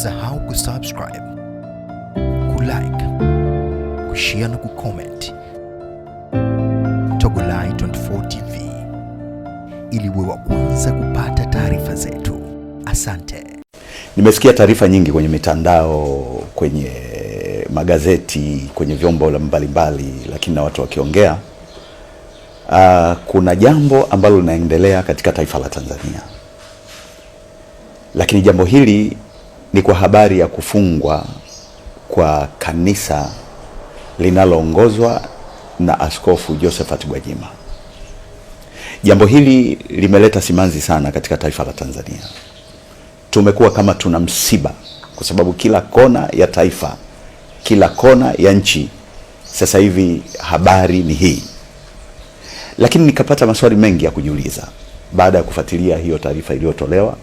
Usisahau kusubscribe, kulike, kushare na kucomment Togolai 24 TV ili wewe wa kwanza kupata taarifa zetu. Asante. Nimesikia taarifa nyingi kwenye mitandao, kwenye magazeti, kwenye vyombo mbalimbali, lakini na watu wakiongea Uh, kuna jambo ambalo linaendelea katika taifa la Tanzania, lakini jambo hili ni kwa habari ya kufungwa kwa kanisa linaloongozwa na Askofu Josephat Gwajima. Jambo hili limeleta simanzi sana katika taifa la Tanzania. Tumekuwa kama tuna msiba, kwa sababu kila kona ya taifa, kila kona ya nchi, sasa hivi habari ni hii. Lakini nikapata maswali mengi ya kujiuliza baada ya kufuatilia hiyo taarifa iliyotolewa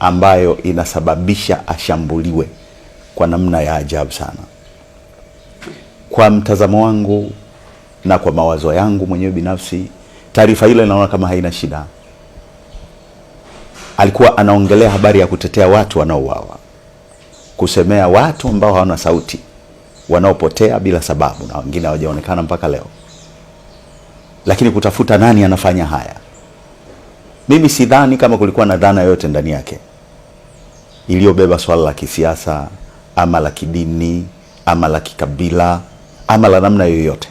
ambayo inasababisha ashambuliwe kwa namna ya ajabu sana. Kwa mtazamo wangu na kwa mawazo yangu mwenyewe binafsi, taarifa ile inaona kama haina shida. Alikuwa anaongelea habari ya kutetea watu wanaouawa, kusemea watu ambao hawana sauti, wanaopotea bila sababu na wengine hawajaonekana mpaka leo, lakini kutafuta nani anafanya haya, mimi sidhani kama kulikuwa na dhana yoyote ndani yake iliyobeba swala la kisiasa ama la kidini ama la kikabila ama la namna yoyote,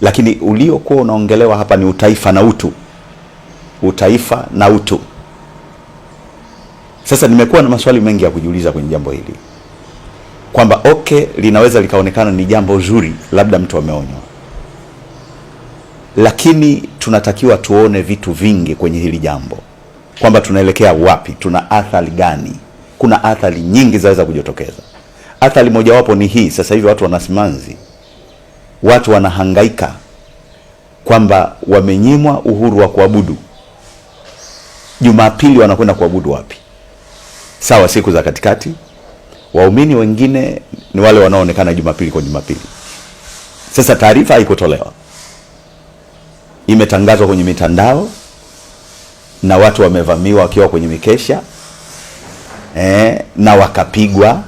lakini uliokuwa unaongelewa hapa ni utaifa na utu. Utaifa na utu. Sasa nimekuwa na maswali mengi ya kujiuliza kwenye jambo hili kwamba okay, linaweza likaonekana ni jambo zuri, labda mtu ameonywa, lakini tunatakiwa tuone vitu vingi kwenye hili jambo, kwamba tunaelekea wapi, tuna athari gani kuna athari nyingi zaweza kujitokeza. Athari mojawapo ni hii, sasa hivi watu wanasimanzi, watu wanahangaika kwamba wamenyimwa uhuru wa kuabudu. Jumapili wanakwenda kuabudu wapi? Sawa, siku za katikati waumini wengine ni wale wanaoonekana Jumapili kwa Jumapili. Sasa taarifa haikutolewa, imetangazwa kwenye mitandao na watu wamevamiwa wakiwa kwenye mikesha eh, na wakapigwa.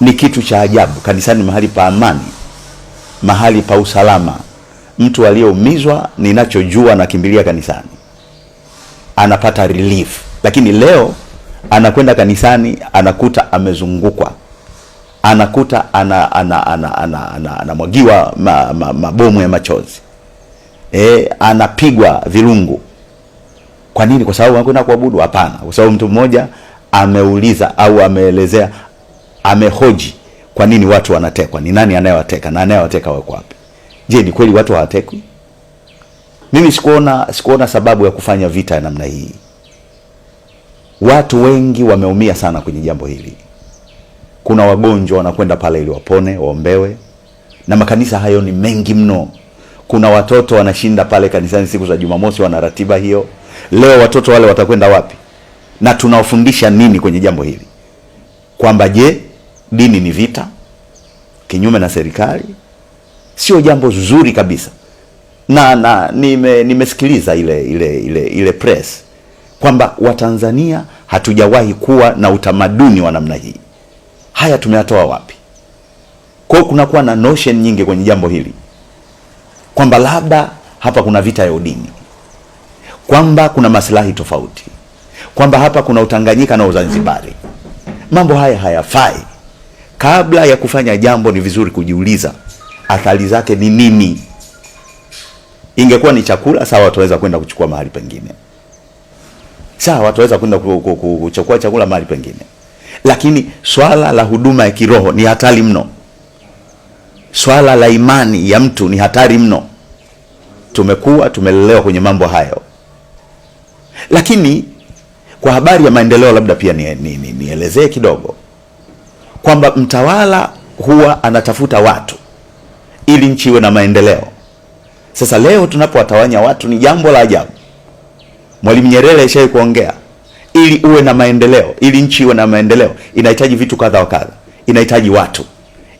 Ni kitu cha ajabu. Kanisani mahali pa amani, mahali pa usalama. Mtu aliyeumizwa, ninachojua anakimbilia kanisani, anapata relief. Lakini leo anakwenda kanisani, anakuta amezungukwa, anakuta anamwagiwa ana, ana, ana, ana, ana, ana ma, ma, mabomu ya machozi e, anapigwa virungu. Kwa nini? Kwa sababu anakwenda kuabudu? Hapana, kwa sababu mtu mmoja ameuliza au ameelezea, amehoji kwa nini watu wanatekwa, ni nani anayewateka na anayewateka wako wapi? Je, ni kweli watu hawatekwi? Mimi sikuona sikuona sababu ya kufanya vita ya namna hii. Watu wengi wameumia sana kwenye jambo hili. Kuna wagonjwa wanakwenda pale ili wapone, waombewe, na makanisa hayo ni mengi mno. Kuna watoto wanashinda pale kanisani siku za Jumamosi, wana ratiba hiyo. Leo watoto wale watakwenda wapi? na tunaofundisha nini kwenye jambo hili, kwamba je, dini ni vita kinyume na serikali? Sio jambo zuri kabisa, na na nime nimesikiliza ile ile ile ile press kwamba Watanzania hatujawahi kuwa na utamaduni wa namna hii. Haya tumeyatoa wapi? Kwa kuna kuwa na notion nyingi kwenye jambo hili kwamba labda hapa kuna vita ya udini, kwamba kuna maslahi tofauti kwamba hapa kuna Utanganyika na Uzanzibari. Mambo haya hayafai. Kabla ya kufanya jambo, ni vizuri kujiuliza athari zake ni nini. Ingekuwa ni chakula, sawa, wataweza kwenda kuchukua mahali pengine, sawa, wataweza kwenda kuchukua chakula mahali pengine, lakini swala la huduma ya kiroho ni hatari mno. Swala la imani ya mtu ni hatari mno. Tumekuwa tumelelewa kwenye mambo hayo, lakini kwa habari ya maendeleo, labda pia nielezee ni, ni kidogo kwamba mtawala huwa anatafuta watu ili nchi iwe na maendeleo. Sasa leo tunapowatawanya watu ni jambo la ajabu. Mwalimu Nyerere ishai kuongea, ili uwe na maendeleo, ili nchi iwe na maendeleo inahitaji vitu kadha wa kadha, inahitaji watu,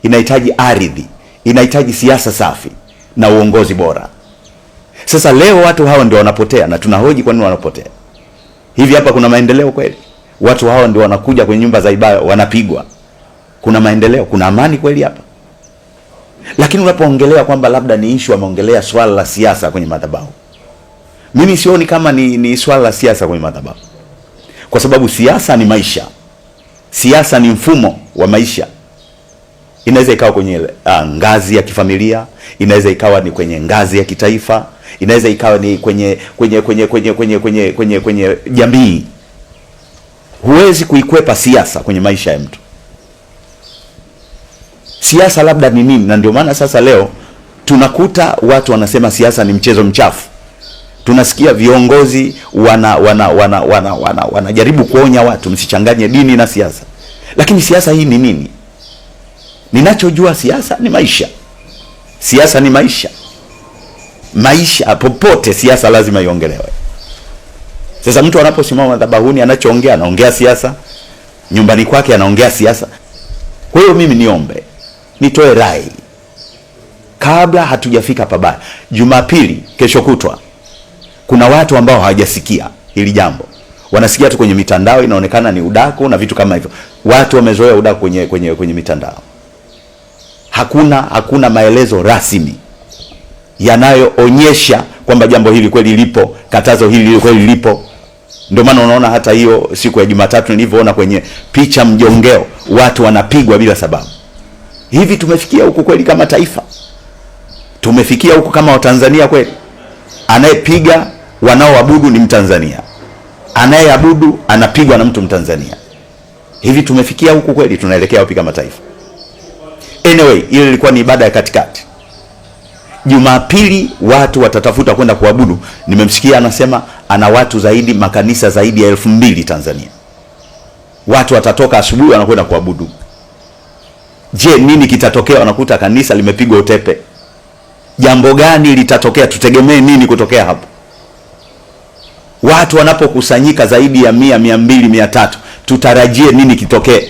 inahitaji ardhi, inahitaji siasa safi na uongozi bora. Sasa leo watu hawa ndio wanapotea, na tunahoji kwa nini wanapotea. Hivi hapa kuna maendeleo kweli? Watu hawa ndio wanakuja kwenye nyumba za ibada wanapigwa. Kuna maendeleo, kuna amani kweli hapa? Lakini unapoongelea kwamba labda ni ishu, ameongelea swala la siasa kwenye madhabahu, mimi sioni kama ni, ni swala la siasa kwenye madhabahu, kwa sababu siasa ni maisha, siasa ni mfumo wa maisha inaweza ikawa kwenye uh, ngazi ya kifamilia, inaweza ikawa ni kwenye ngazi ya kitaifa, inaweza ikawa ni kwenye kwenye kwenye kwenye kwenye kwenye kwenye kwenye jamii. Huwezi kuikwepa siasa kwenye maisha ya mtu. Siasa labda ni nini? Na ndio maana sasa leo tunakuta watu wanasema siasa ni mchezo mchafu. Tunasikia viongozi wana wana wana wanajaribu wana, wana kuonya watu msichanganye dini na siasa, lakini siasa hii ni nini? Ninachojua siasa ni maisha, siasa ni maisha, maisha popote, siasa lazima iongelewe. Sasa mtu anaposimama madhabahuni, anachoongea anaongea siasa, nyumbani kwake anaongea siasa. Kwa hiyo mimi niombe, nitoe rai kabla hatujafika pabaya. Jumapili kesho kutwa, kuna watu ambao hawajasikia hili jambo, wanasikia tu kwenye mitandao, inaonekana ni udaku na vitu kama hivyo. Watu wamezoea udaku kwenye, kwenye, kwenye mitandao hakuna hakuna maelezo rasmi yanayoonyesha kwamba jambo hili kweli lipo, katazo hili kweli lipo. Ndio maana unaona hata hiyo siku ya Jumatatu nilivyoona kwenye picha mjongeo watu wanapigwa bila sababu. Hivi tumefikia huku kweli kama taifa? Tumefikia huku kama Watanzania kweli? Anayepiga wanaoabudu ni Mtanzania, anayeabudu anapigwa na mtu Mtanzania. Hivi tumefikia huku kweli? Tunaelekea wapi kama taifa? Anyway, ile ilikuwa ni ibada ya katikati. Jumapili watu watatafuta kwenda kuabudu. Nimemsikia anasema ana watu zaidi, makanisa zaidi ya elfu mbili Tanzania. Watu watatoka asubuhi wanakwenda kuabudu. Je, nini kitatokea? Wanakuta kanisa limepigwa utepe. Jambo gani litatokea? Tutegemee nini kutokea hapo? Watu wanapokusanyika zaidi ya mia, mia mbili, mia tatu, tutarajie nini kitokee?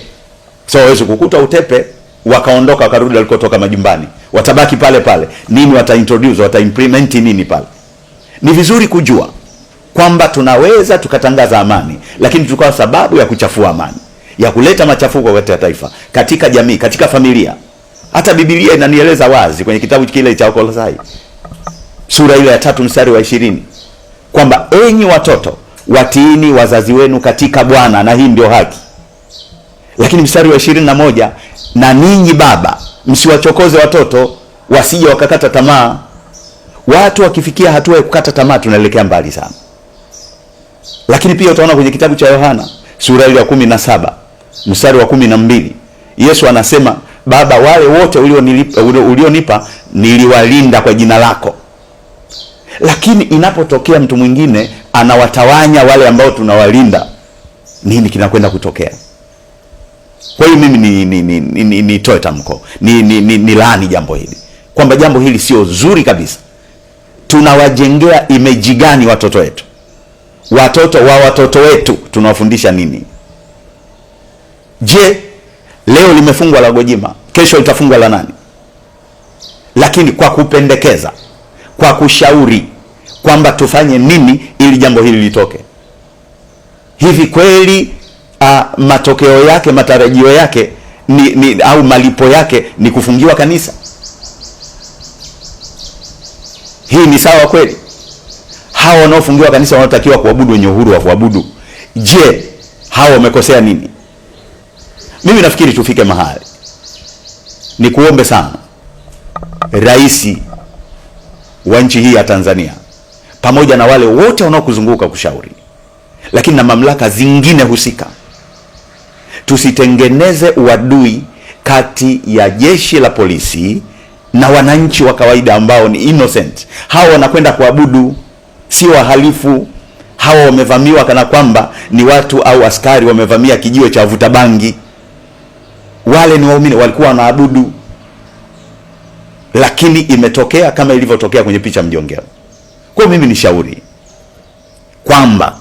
So wezi kukuta utepe wakaondoka wakarudi walikotoka majumbani, watabaki pale pale. Nini wataintroduce, wataimplement nini pale? Ni vizuri kujua kwamba tunaweza tukatangaza amani, lakini tukawa sababu ya kuchafua amani, ya kuleta machafuko katika taifa, katika jamii, katika familia. Hata Biblia inanieleza wazi kwenye kitabu kile cha Kolosai sura ile ya tatu mstari wa ishirini kwamba enyi watoto watiini wazazi wenu katika Bwana, na hii ndio haki. Lakini mstari wa ishirini na moja na ninyi baba msiwachokoze watoto wasije wakakata tamaa. Watu wakifikia hatua ya kukata tamaa tunaelekea mbali sana. Lakini pia utaona kwenye kitabu cha Yohana sura ya kumi na saba mstari wa kumi na mbili Yesu anasema Baba, wale wote ulionipa ulionipa niliwalinda kwa jina lako. Lakini inapotokea mtu mwingine anawatawanya wale ambao tunawalinda, nini kinakwenda kutokea? Kwa hiyo mimi nitoe ni, ni, ni, ni, ni tamko ni, ni, ni, ni laani jambo hili kwamba jambo hili sio zuri kabisa. Tunawajengea imeji gani watoto wetu? Watoto wa watoto wetu tunawafundisha nini? Je, leo limefungwa la Gojima, kesho litafungwa la nani? Lakini kwa kupendekeza, kwa kushauri kwamba tufanye nini ili jambo hili litoke, hivi kweli a, ah, matokeo yake matarajio yake ni, ni, au malipo yake ni kufungiwa kanisa. Hii ni sawa kweli? Hao wanaofungiwa kanisa wanaotakiwa kuabudu wenye uhuru wa kuabudu, je, hao wamekosea nini? Mimi nafikiri tufike mahali, nikuombe sana Rais wa nchi hii ya Tanzania pamoja na wale wote wanaokuzunguka kushauri, lakini na mamlaka zingine husika tusitengeneze uadui kati ya jeshi la polisi na wananchi wa kawaida ambao ni innocent. Hawa wanakwenda kuabudu, sio wahalifu. Hawa wamevamiwa kana kwamba ni watu au askari wamevamia kijiwe cha wavuta bangi. Wale ni waumini, walikuwa wanaabudu, lakini imetokea kama ilivyotokea kwenye picha mjongeo. Kwa mimi ni shauri kwamba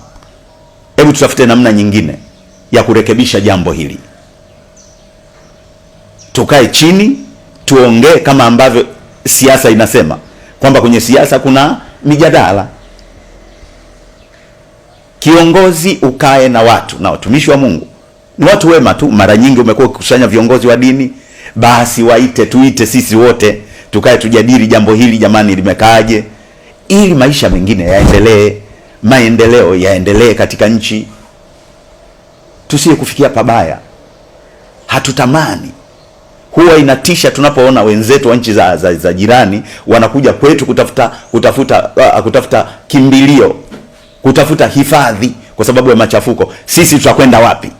hebu tutafute namna nyingine ya kurekebisha jambo hili. Tukae chini tuongee, kama ambavyo siasa inasema kwamba kwenye siasa kuna mijadala. Kiongozi ukae na watu, na watumishi wa Mungu ni watu wema tu. Mara nyingi umekuwa ukikusanya viongozi wa dini, basi waite, tuite sisi wote tukae, tujadili jambo hili, jamani, limekaaje, ili maisha mengine yaendelee, maendeleo yaendelee katika nchi tusiye kufikia pabaya, hatutamani huwa inatisha tunapoona wenzetu wa nchi za, za, za jirani wanakuja kwetu kutafuta kutafuta uh, kutafuta kimbilio kutafuta hifadhi kwa sababu ya machafuko. Sisi tutakwenda wapi?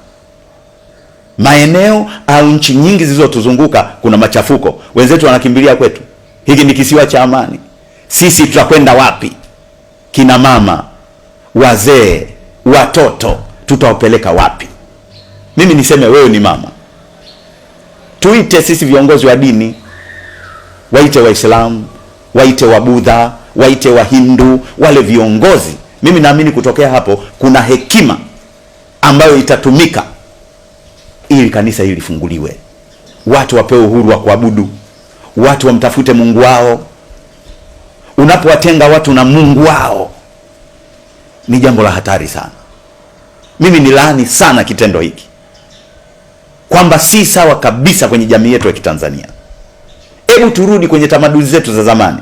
Maeneo au nchi nyingi zilizotuzunguka kuna machafuko, wenzetu wanakimbilia kwetu. Hiki ni kisiwa cha amani, sisi tutakwenda wapi? Kina mama, wazee, watoto tutawapeleka wapi? Mimi niseme wewe ni mama, tuite sisi viongozi wa dini, waite Waislamu, waite Wabudha, waite Wahindu, wale viongozi. Mimi naamini kutokea hapo kuna hekima ambayo itatumika ili kanisa hili lifunguliwe, watu wapewe uhuru wa kuabudu, watu wamtafute Mungu wao. Unapowatenga watu na Mungu wao ni jambo la hatari sana. Mimi ni laani sana kitendo hiki kwamba si sawa kabisa kwenye jamii yetu ya Kitanzania. Hebu turudi kwenye tamaduni zetu za zamani,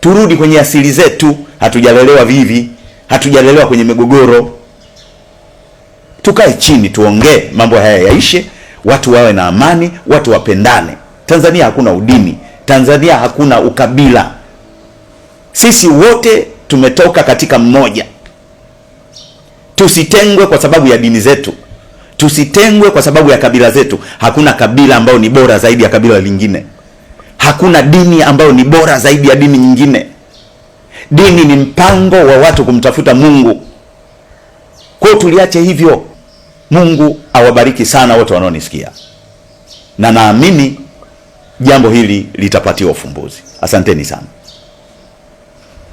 turudi kwenye asili zetu. Hatujalelewa vivi, hatujalelewa kwenye migogoro. Tukae chini, tuongee mambo haya yaishe, watu wawe na amani, watu wapendane. Tanzania hakuna udini, Tanzania hakuna ukabila, sisi wote tumetoka katika mmoja. Tusitengwe kwa sababu ya dini zetu. Tusitengwe kwa sababu ya kabila zetu. Hakuna kabila ambayo ni bora zaidi ya kabila lingine. Hakuna dini ambayo ni bora zaidi ya dini nyingine. Dini ni mpango wa watu kumtafuta Mungu. Kwa tuliache hivyo. Mungu awabariki sana wote wanaonisikia, na naamini jambo hili litapatiwa ufumbuzi. Asanteni sana.